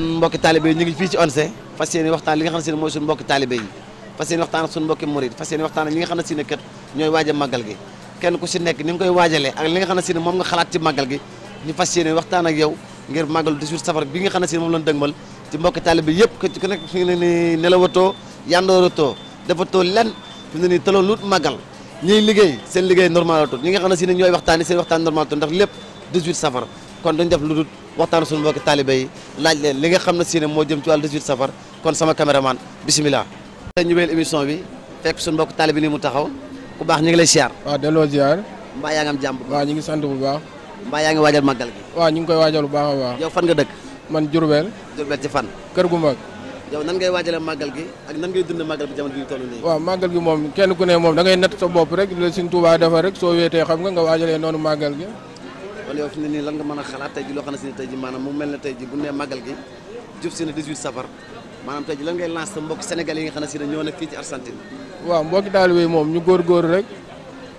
mbokki taalibé yi ñu ngi fii ci ONCE fas yéene waxtaan li nga xam ne si mooy suñu mbokki taalibé yi fas yéene waxtaan ak mbokki murid fas yéene waxtaan ak ñi ndax lépp safar kon dañ def lu dul waxtaan suñu mbokki taalibe yi laaj leen li nga xam ne si ne moo jëm ci wàllu 18 safar kon sama caméraman bisimilah. tey ñu wéyal émission bi fekk suñu mbokki taalibe nii mu taxaw ku baax ñu ngi lay ziar. delloo ziar. mbaa yaa ngi am jàmm. waaw ñu ngi sant bu ngi waajal màggal gi. waaw ñu ngi koy waajal bu baax a baax. yow fan nga dëkk. man Diourbel. Diourbel ci fan. kër gu mag. yow nan ngay waajale màggal gi ak nan ngay dund màggal bi jamono bi ñu nii. waaw màggal gi moom kenn ku ne moom da ngay natt sa bopp rek la suñ Tuubaa defar xam nga nga waajalee noonu màggal gi wala yow fi ne lan nga man a xalaat tey ji loo xam ne si ne tey ji maanaam mu mel ne tey ji bu ne màggal gi jub si na safar maanaam tey ji lan ngay lancé mbokk Sénégal yi nga xam ne si ne ñoo nekk fii ci Argentine waaw moom ñu góorgóor rek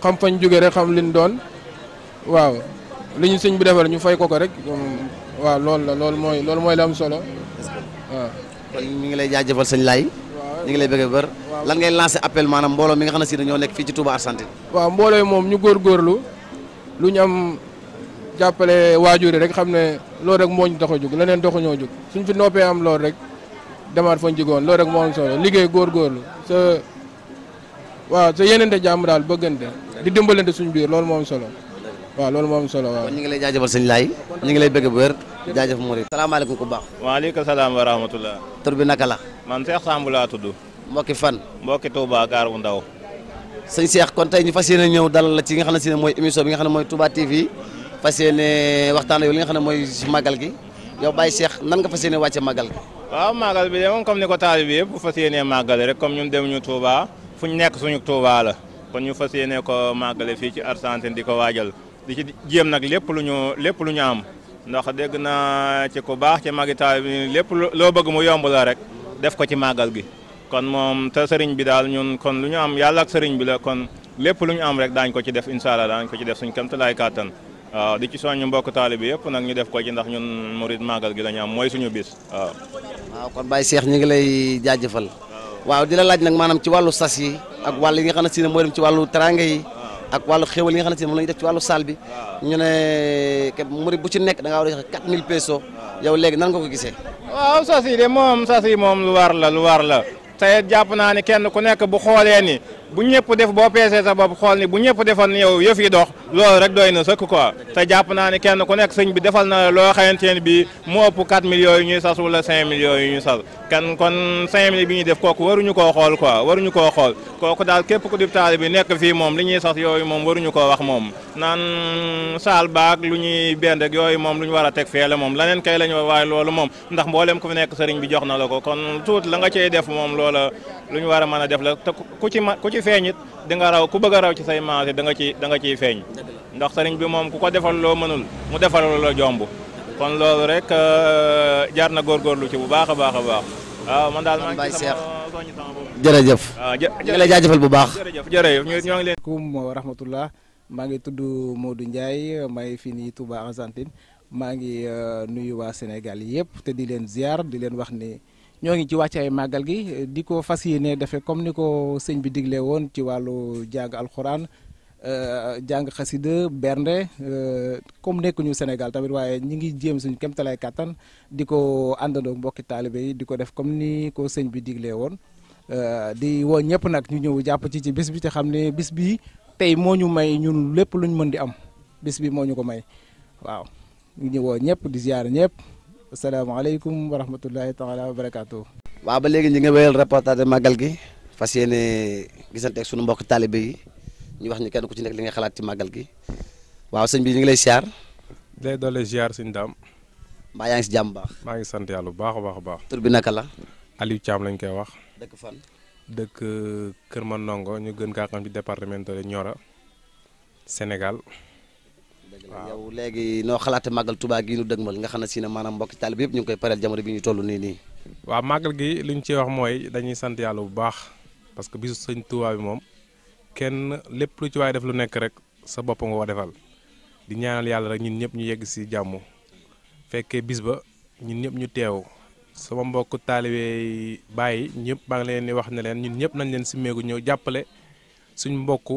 xam fañ jóge rek xam liñ doon waaw li ñu sëñ bi defal ñu fay ko ko rek waaw loolu la loolu mooy loolu mooy la am solo waaw kon mi ngi lay jaajëfal sëñ laay ñu ngi lay bëgg bër lan ngay lancé appel maanaam mbooloo mi nga xam ne si ne nekk fii ci Touba Argentine waaw mbooloo yi moom ñu góorgóorlu lu ñu am jàppale waajur rek xam ne loolu rek moo ñu tax a jug leneen doxu ñoo jug suñ fi noppee am loolu rek demaat fañ jigoon loolu rek moo ngi solo liggéey góorgóorlu sa waaw sa yenente jàmm daal bëggante di dimbalante suñ biir loolu moo am solo waaw loolu moom am solo waaw. ñu ngi lay jaajëfal sañ Laay ñu ngi lay bëgg bu wér jaajëf Mouride. salaamaaleykum ku baax. waaleykum salaam wa rahmatulah. tur bi naka la. man Cheikh sambu laa tudd. mbokki fan. mbokki Touba Gaar bu Ndaw. sëñ Cheikh kon tey ñu fas yéene ñëw dalal la ci nga xam ne si ne mooy émission bi nga xam ne mooy Touba TV fas yéene waxtaan yow li nga xam ne mooy si màggal gi yow Baye seex nan nga fas yéene wàcce magal gi. waaw màggal bi de moom comme ni ko taali bi yëpp fas yéene rek comme ñun demuñu Touba fu ñu nekk suñu Touba kon ñu fas yéene ko màggale fii ci Argentine di ko waajal di ci jéem nag lépp lu ñu lépp lu ñu am ndax dégg naa ci ku baax ci màggi taali bi lépp loo bëgg mu yomb la rek def ko ci màggal gi kon moom te sëriñ bi daal ñun kon lu ñu am yàlla ak sëriñ bi la kon lépp lu ñu am rek daañ ko ci def incha daañ ko ci def suñ kam laay kàttan waaw di ci soññ mbokk taalibe yëpp nag ñu def ko ci ndax ñun murid màggal gi lañu am mooy suñu bis waaw. kon Baye Cheikh ñu ngi lay jaajëfal. waaw di la laaj nag maanaam ci wàllu sas yi. ak wàll yi nga xam ne si ne mooy dem ci wàllu teraanga yi. ak wàllu xéwal yi nga xam ne si moom def ci wàllu saal bi. ñu ne képp murid bu ci nekk da ngaa war a joxe 4000 pesos. yow léegi nan nga ko gisee. waaw sas yi de moom sas moom lu war la lu war la. te jàpp naa ne kenn ku nekk bu xoolee bu ñëpp def boo peesee sa bopp xool ni bu ñëpp defoon yow yëf yi dox loolu rek doy na sëkk quoi te jàpp naa kenn ku nekk sëñ bi defal na loo xamante ne bii mu ëpp 4 millions yu ñuy sas wala 5 millions yu ñuy sas kan kon 5 millions bi ñuy def kooku waruñu koo xool quoi waruñu koo xool kooku daal képp ku dib taal bi nekk fii moom li ñuy sas yooyu moom war ñu koo wax moom naan saal baag lu ñuy bend ak yooyu moom lu ñu war a teg fee la moom leneen kay la ñu waaye loolu moom ndax mboolem ku fi nekk sëriñ bi jox na la ko kon tuuti la nga cey def moom loola lu ñu war a mën a def la te ku feeñ it nga raw ku bëgg a raw ci say maas danga nga ci ciy feeñ ndax sëriñ bi moom ku ko defal loo mënul mu defal loo jomb kon loolu rek euh, jaar na góorgóorlu ci bu baax a baax a baax waaw ma daal maa ngi ci sama soññ sama jërëjëf ñu ngi jaajëfal bu baax jërëjëf jërëjëf ñoo ngi leen kum rahmatullah maa ngi tudd Modou Ndiaye may fii nii Touba Argentine maa ngi euh, nuyu waa Sénégal yëpp te di leen ziar di leen wax ni ñoo ngi ci ay màggal gi eh, di ko fas yéene defee comme ni ko sëñ bi digle woon ci wàllu jàng alxuraan eh, jàng xasida bernde eh, comme nekkuñu Sénégal tamit waaye ñi ngi jéem suñu kéemtalaay kàttan di ko àndandoo mbokki taalibe yi di ko def comme ni ko sëñ bi digle woon di woo ñëpp nag ñu ñëw jàpp ci ci bis bi te xam ne bis bi tey moo ñu may ñun lépp luñ mën di am bis bi moo ñu ko may waaw ñu woo ñëpp di ziar ñëpp. asalaamaaleykum wa rahmatullahi taala wa barakaatu. waaw ba léegi ñu nga wéyal reportage màggal gi fas yéene gisante ak sunu mbokk taalibe yi ñu wax ñu kenn ku ci nekk li nga xalaat ci màggal gi waaw sëñ bi ñu ngi lay siyaar. day doole siyaar suñu daam. mbaa yaa ngi si jàmm baax. maa ngi sant yàlla bu baax a baax a baax. tur bi naka la. Aliou Thiam lañ koy wax. dëkk fan. dëkk euh, Kër Manongo ñu gën kaa xam ci département de Nioro Sénégal. waaw yow léegi noo xalaate màggal Touba gi ñu ñu li ñu ci wax mooy dañuy sant yàlla bu baax parce que bisu sëñ Touba bi moom kenn lépp lu ci waaye def lu nekk rek sa bopp nga ko di ñaanal yàlla rek ñun ñëpp ñu yegg si jàmm fekkee bis ba ñun ñëpp ñu teew sama mbokk taalibe bàyyi ñëpp ba ngi leen di wax ne leen ñun ñëpp nañ leen simmeeku ñëw jàppale suñ mbokk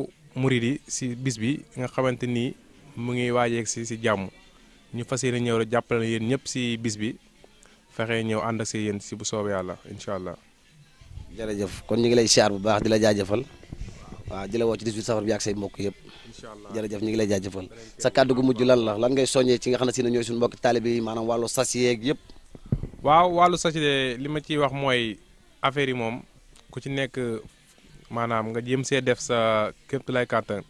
murid yi bis bi nga xamante nii mu ngi waajeeg si si jàmm ñu fas yéene ñëw rek jàppale na yéen ñëpp si bis bi fexe ñëw ànd ak si yéen si bu soobee yàlla incha allah. jërëjëf kon ñu ngi lay siyaar bu baax di la jaajëfal waaw di la woo ci 18 safar bi ak say mbokk yëpp jërëjëf ñu ngi lay jaajëfal sa kàddu gu mujj lan la lan ngay soññee ci nga xam ne si ne ñooy suñu mbokk taalibe yi maanaam wàllu sas yeeg yëpp. waaw wàllu sas de li ma ciy wax mooy affaire yi moom ku ci nekk maanaam nga jéem see def sa képp lay kàttan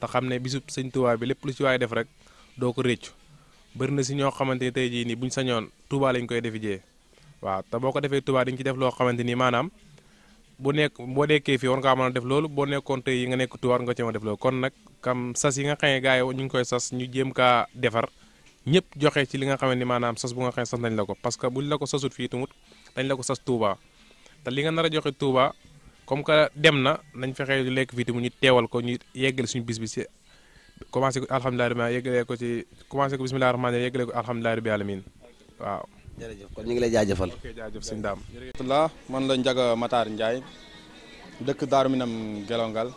te xam ne bisub sëñ Tuubaa bi lépp lu ci waaye def rek doo ko réccu bëri na si ñoo xamante ni tey jii nii buñ sañoon Tuubaa lañ koy def jee waaw te boo ko defee Tuubaa dañ ci def loo xamante ni maanaam bu nekk boo nekkee fii war ngaa mën a def loolu boo nekkoon tey yi nga nekk Tuubaa war nga cee mën a def loolu kon nag kam sas yi nga ngi koy sas ñu jéem kaa defar ñëpp joxe ci li nga xam ne maanaam sas bu nga xam ne sas nañ la ko parce que buñ la ko sasut fii tamit dañ la ko sas Tuubaa te li nga nar joxe Tuubaa comme que dem na nañ fexe lekk fii mu ñu teewal ko ñu yeggale suñu bis bi si commencé ko alhamdulilah rabbi yeggalee ko ci commencé ko bisimilah rahmaani rahiim yeggalee ko alhamdulilah rabbi alamin waaw. jërëjëf kon ñu ngi lay jaajëfal. ok jaajëf sëñ Dame. jërëjëf man la Ndiaga Matar Ndiaye dëkk Darou Minam Gelongal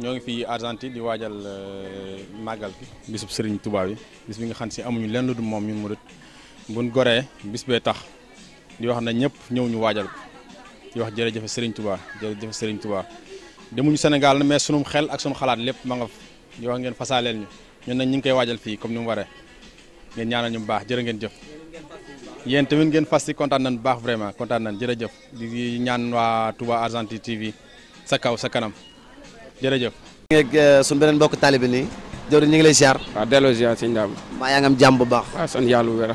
ñoo ngi fi Argentine di waajal euh, maggal bi bisub seriñ Touba yi bis bi nga xam si amuñu lenn lu dul moom ñun murit buñ goree bis bee tax di wax na ñëpp ñëw ñu waajal di wax jërëjëf Serigne Touba jërëjëf Serigne Touba demuñu Sénégal na mais sunum xel ak sunu xalaat lépp ma nga di wax ngeen fasaaleel ñu ñun nag ñu ngi koy waajal fii comme ni mu waree ngeen ñaanal ñu baax jërë ngeen jëf yéen tamit ngeen fas ci kontaan nañ bu baax vraiment kontaan nañ jërëjëf di ñaan waa Touba Argentine TV sa kaw sa kanam jërëjëf ngeeg euh, suñu beneen bokk taalibi nii jër ñu ngi lay ziar waaw delloo ziar sëñ daam maa yaa ngi am jàmm bu baax waaw sant yàlla wér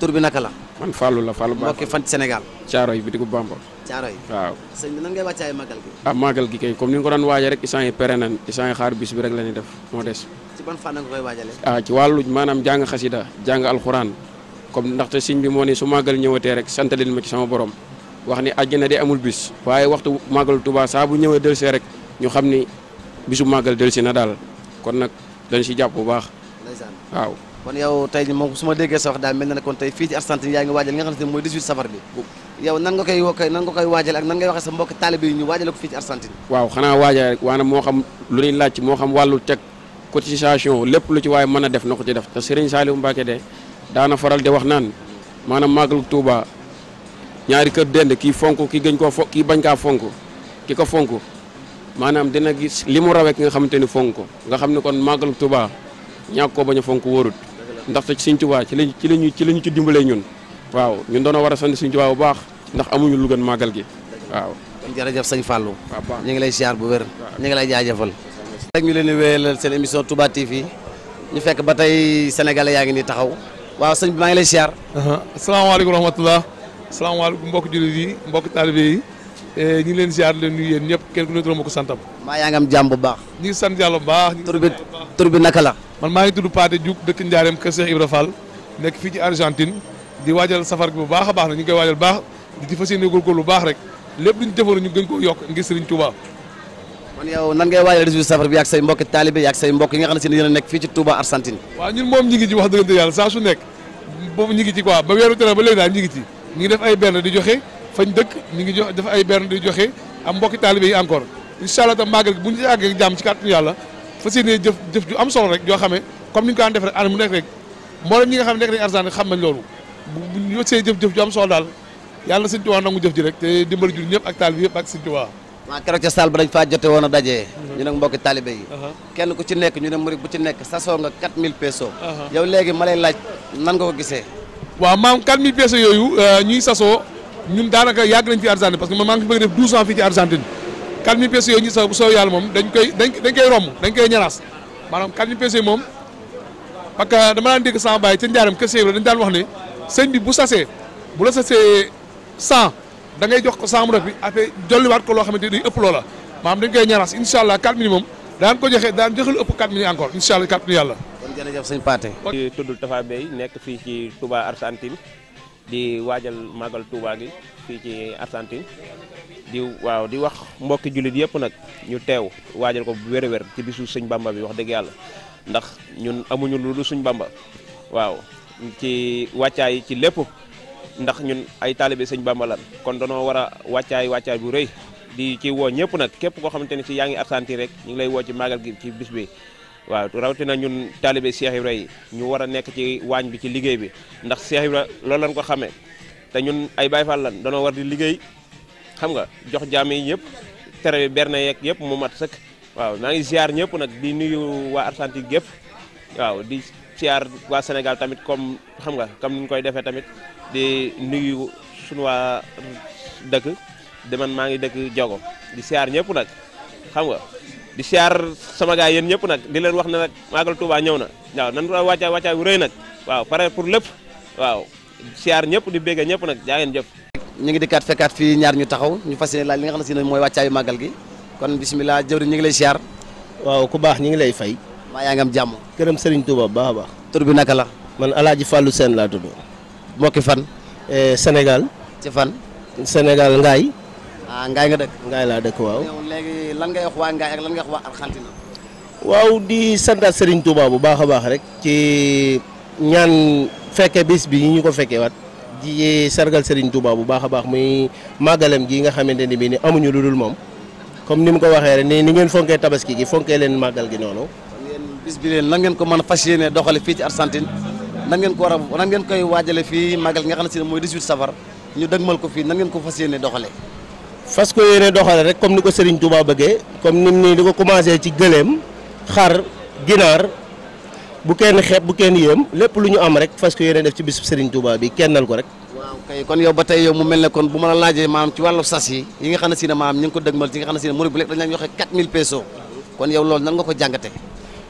tur bi naka la man Fallou la Fallou Ba. mbokki fan Sénégal. Caaroy bitigu Bamba. Caaroy waaw. sëñ bi nan ngay wàccaay màggal gi. ah màggal gi kay comme ni nga ko daan waajee rek isaan yi pere nañ isaan yi xaar bis bi rek la def moo des. ci ban fànn nga waajalee. ah ci wàllu maanaam jàng xasida jàng alxuraan comme ndaxte sëñ bi moo ne su màggal ñëwatee rek sant leen ma ci sama borom wax ni àjjana de amul bis waaye waxtu màggal Tuubaa saa bu ñëwee see rek ñu xam ni bisu màggal si na daal kon nag dañ si jàpp bu baax. waaw kon yow tey moom suma ma déggee sa wax daal mel na ne kon tey fii ci Argentine yaa ngi waajal li nga xam ne mooy 18 safar bi yow nan koy wokkee ak nan ngay waxee sa mbokk taalibe yi ñu waajale ko fii ci Argentine waaw xanaa waajal rek moo xam lu ñuy laaj moo xam wàllu teg cotisation lépp lu ci waaye mën a def na ko ci def te Serigne Saliou Mbacké de daana faral di wax naan maanaam màggalu Touba ñaari kër dend kii fonk kii gëñ koo fo kii bañ kaa fonk ki ko fonk maanaam dina gis li mu rawee ki nga xamante ni fonk ko nga xam ne kon màggalu Touba ñàkk ko bañ a fonk wóorut ndaxte Sëñ waa ci lañ ci lañu ci lañu ci dimbalee ñun waaw ñun doonoo war a sant Sëñ Tuubaa bu baax ndax amuñu lu gën màggal gi waaw jërëjëf sëñ Fallou ñu ngi lay siyaar bu wér ñu ngi lay jaajëfal rek ñu leen di wéyalal seen émission Touba TV ñu fekk ba tey sénégalais yaa ngi nii taxaw waaw sëñ bi maa ngi lay siyaar asalaamaaleykum rahmatullah asalaamaaleykum mbokk jullit yi mbokk taalibe yi eh, ñu ngi leen siyaar leen nuyu yéen ñëpp kenn ku ne turam ko santam maa yaa ngi am jàmm bu baax ñu ngi sant bu baax tur bi naka la man maa ngi tudd Pathé Diouf dëkk Ndiarème Kër Cheikh Ibra Fall nekk fii ci Argentine di waajal safar gi bu baax a baax na ñu ngi koy waajal baax di fas yéene góorgóorlu bu baax rek lépp lu ñu defoon ñu gën koo yokk ngir Serigne Touba. man yow nan ngay safar ak say mbokki taalibe ak say mbokk yi nga xam ne si a nekk fii ci Touba Argentine. waaw ñun moom ñi ngi ci wax dëggante yàlla saa su nekk boobu ñi ngi ci quoi ba weeru tere ba léegi daal ñi ngi ci ñi ay benn di joxe fañ dëkk ñi ngi jox def ay benn di joxe am mbokki taalibe yi encore incha allah tam màggal bu ñu àggee jàmm ci kàttanu yàlla fas yéene jëf jëf ju am solo rek yoo xamee comme ni ñu ko daan def rek année mu nekk rek mboolem ñi nga xam ne nekk nañ Argentine xam nañ loolu ñu nag mhm. mbokki taalibe yi uh-huh. kenn ku ci nekk ñu ne murid bu ci nekk sasoo nga 4000 pesos uh-huh. yow léegi ma lay laaj nan nga ko gisee waaw maam 4000 pesos yooyu euh, ñuy sasoo ñun daanaka yàgg nañ fi Argentine parce que maa ngi fi def 12 ans fii ci Argentine quatre mille pièces yooyu ñu sax bu soow yàlla moom dañ koy dañ dañ koy romb dañ koy ñaraas maanaam quatre mille yooyu moom parce que dama daan dégg sama baay ca njaaram kër Seydou dañ daan wax ne sëñ bi bu sasee bu la sasee cent da ngay jox ko cent mu def bi après jolliwaat ko loo xamante ni ëpp loola maanaam dañ koy ñaraas incha allah quatre mille moom daan ko joxe daan joxe lu ëpp quatre mille encore incha allah quatre mille yàlla. kon jërëjëf sëñ Pathé. di tudd Tafa Bey nekk fii ci Touba Argentine di waajal màggal Touba fii ci di waaw di wax mbokki jullit yëpp nag ñu teew waajal ko bu wér a wér ci bisu sëñ bamba bi wax dëgg yàlla ndax ñun amuñu lu dul suñ bamba waaw ci wàccaay ci lépp ndax ñun ay taalibe sëñ bamba lan kon danoo war a wàccaay wàccaay bu rëy di ci woo ñëpp nag képp koo xamante ne ci yaa ngi absenti rek ñu ngi lay woo ci màggal gi ci bis bi waaw na ñun taalibe Cheikh Ibra yi ñu war a nekk ci waañ bi ci liggéey bi ndax Cheikh Ibra loolu lañ ko xamee te ñun ay Baay Faal xam nga jox jaam yi ñëpp tere berne yeeg yëpp mu mat sëkk waaw naa ngi ziar ñëpp nag di nuyu waa Argentine gépp waaw di ziar waa Sénégal tamit comme xam nga comme ni ñu koy defee tamit di nuyu suñu waa dëkk deman maa ngi dëkk Jogo di ziar ñëpp nag xam nga di ziar sama gaay yéen ñëpp nag di leen wax ne nag Magal Touba ñëw na waaw nan la wàccee wàccee wu nag waaw pare pour lépp waaw ziar ñëpp di bégg ñëpp nag jaa ngeen jëf. ñu ngi dikkaat fekkaat fii ñaar ñu taxaw ñu fas yéene li nga xam ne si ne mooy wàccaayu màggal gi kon bisimilah jëwriñ ñu ngi lay siyaar waaw ku baax ñu ngi lay fay maa yaa ngi am jàmm këram sëriñ Touba baax a baax tur bi naka la man alaaji Fallou Sène laa tudd mbokki fan eh, Sénégal fan Sénégal Ngaay ah Ngaay nga dëkk Ngaay laa dëkk waaw léegi lan nga wax waa Ngaay ak lan nga wax waa Arxantine waaw di santaat sëriñ Touba bu baax a baax rek ci ñaan fekke bis bi ñu ko fekke waat di sargal Serigne Touba bu baax a baax muy màggalam gi nga xamante ni bii ni amuñu lu dul moom comme ni mu ko waxee rek ni ni ngeen fonkee tabaski gi fonkee leen màggal gi noonu. bis bi leen nan ngeen ko mën a fas yéene doxale fii ci Argentine nan ngeen ko war a nan ngeen koy waajale fii màggal nga xam ne si mooy 18 safar ñu dëgmal ko fii nan ngeen ko fas yéene doxale fas ko yéene doxale rek comme ni ko Serigne Touba bëggee comme ni ni ko commencé bu kenn xeet bu kenn yéem lépp lu ñu am rek fas ko yéene def ci bis Serigne Touba bi kennal ko rek. waaw kay kon yow ba tey yow mu mel ne kon bu ma la laajee maam ci wàllu sas yi yi nga xam ne si ne maam ñu ngi ko dëgmal ci nga xam ne si ne murid loolu nan nga ko jàngate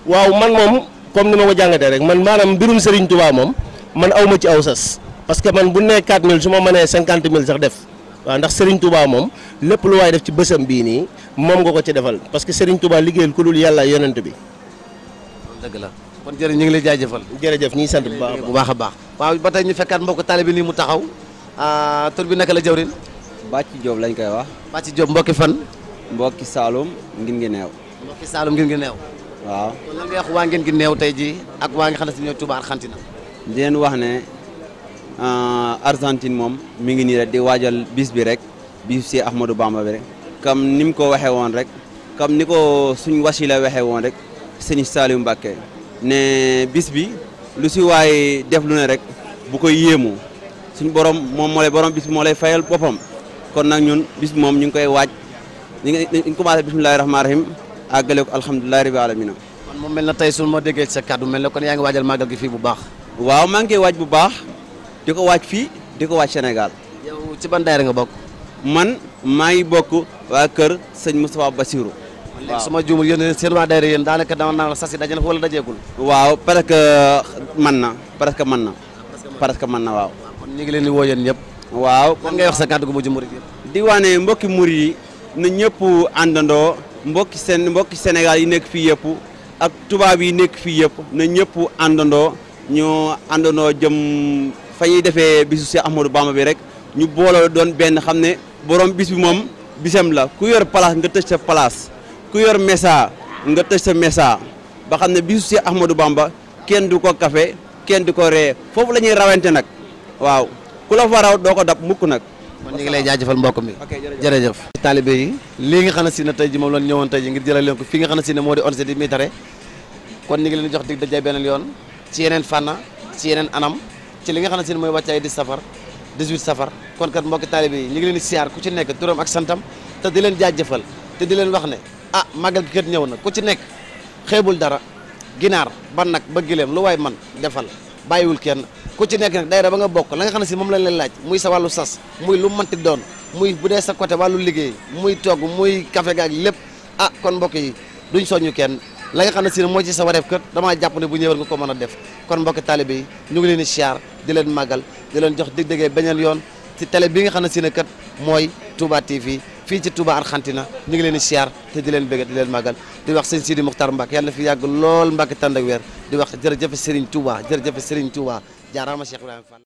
waaw man moom comme ni ma ko jàngatee rek man maanaam mbirum Serigne Touba moom man aw ma ci aw sas parce que man bu nee 4000 su ma mënee 50000 sax def. waaw ndax Serigne Touba moom lépp lu waay def ci bësam bii nii moom nga ko ci defal parce que Serigne Touba liggéeyal ku dul yàlla yonent bi. la. kon jërëjëf ñu ngi lay jaajëfal. jërëjëf ñu ngi sant bu baax baax bu baax a baax. waaw ba tey ñu fekkaat mbokk taalibe nii mu taxaw ah, tur bi naka la jawrin Bàcci Diop lañ koy wax. Bàcci Diop mbokki fan. mbokki Saalum ngin ngi neew. mbokki Saalum ngin ngi neew. waaw kon ngeen ngi neew tey jii ak waa nga xam ne si ñooy Touba Argentine. di leen wax ne ah, Argentine moom mi ngi nii rek di waajal bis bi rek bis si Ahmadou Bamba bi rek. comme ni mu ko waxee woon rek comme ni ko suñu wasila waxee woon rek sëñ Saliou Mbacké. ne bis bi lu si waay def lu ne rek bu koy yéemu suñ borom moom moo lay borom bis moo lay fayal boppam kon nag ñun bis moom ñu ngi koy waaj ñu ngi commencé bismillahi rahmaani rahim àggale ko alhamdulilahi rabbi alamina man moom mel na tey su moo déggee sa kàddu mel na kon yaa ngi waajal màggal gi fii bu baax waaw maa ngi waaj bu baax di ko waaj fii di ko waaj Sénégal yow ci ban nga bokk man maa ngi bokk waa kër sëñ Moustapha basiro léegi su ma juumul yéen seen waa daayira yéen daanaka dama naan la sas yi daje na fa waaw parce que euh, mën na parce que mën na parce que mën na waaw kon leen di woo yéen ñëpp waaw ngay wax sa kàddu gu mujj murid yi di waane mbokki murid yi na ñëpp àndandoo mbokki seen mbokki Sénégal yi nekk fii yëpp ak tubaab yi nekk fii yëpp na ñëpp àndandoo ñu àndandoo jëm fa ñuy defee bisu Cheikh Ahmadou Bamba bi rek ñu booloo doon benn xam ne borom bis bi moom bisam la ku yor place nga tëj sa place ku yor messa nga tëj sa messa ba xam ne bisu Cheikh Ahmadou Bamba kenn du ko kafe kenn du ko ree foofu la ñuy rawante nag waaw ku la fa raw doo ko dab mukk nag. kon ñu ngi lay jaajëfal mbokk mi jërëjëf taalibe yi lii nga xam ne si ne tey ji moom lañ ñëwoon tey ji ngir jëlal leen ko fii nga xam ne si ne moo di onse di mitare kon ñu ngi leen jox dig dajee beneen yoon ci yeneen fànna ci yeneen anam ci li nga xam ne si ne mooy wàccaay di safar 18 safar kon kat mbokki taalibe yi ñu ngi leen di siyaar ku ci nekk turam ak santam di leen jaajëfal te leen wax ne ah màggal gi kat ñëw na ku ci nekk xeebul dara ginaar ban nag ba gileem lu waay man defal bàyyiwul kenn ku ci nekk nag daayira ba nga bokk la nga xam ne si moom lañ leen laaj muy sa wàllu sas muy lu manti doon muy bu dee sa côté wàllu liggéey muy togg muy café gaag lépp ah kon mbokk yi duñ soññu kenn la nga xam ne ne mooy ci sa wareef kat damaa jàpp ne bu ñëwal nga ko mën a def kon mbokki taalibe yi ñu ngi leen di siyaar di leen màggal di leen jox dig-dégee beneen yoon si télé bi nga xam ne si ne kat mooy Touba TV fii ci Touba Arxantina ñu ngi leen di siyaar te di leen bëgg di leen màggal di wax sëñ Sidi Muxtar Mbacke yàlla na fi yàgg lool Mbacke tànd ak weer di wax jërëjëf Serigne Touba jërëjëf Serigne Touba jaaraama Cheikh Ibrahima Fall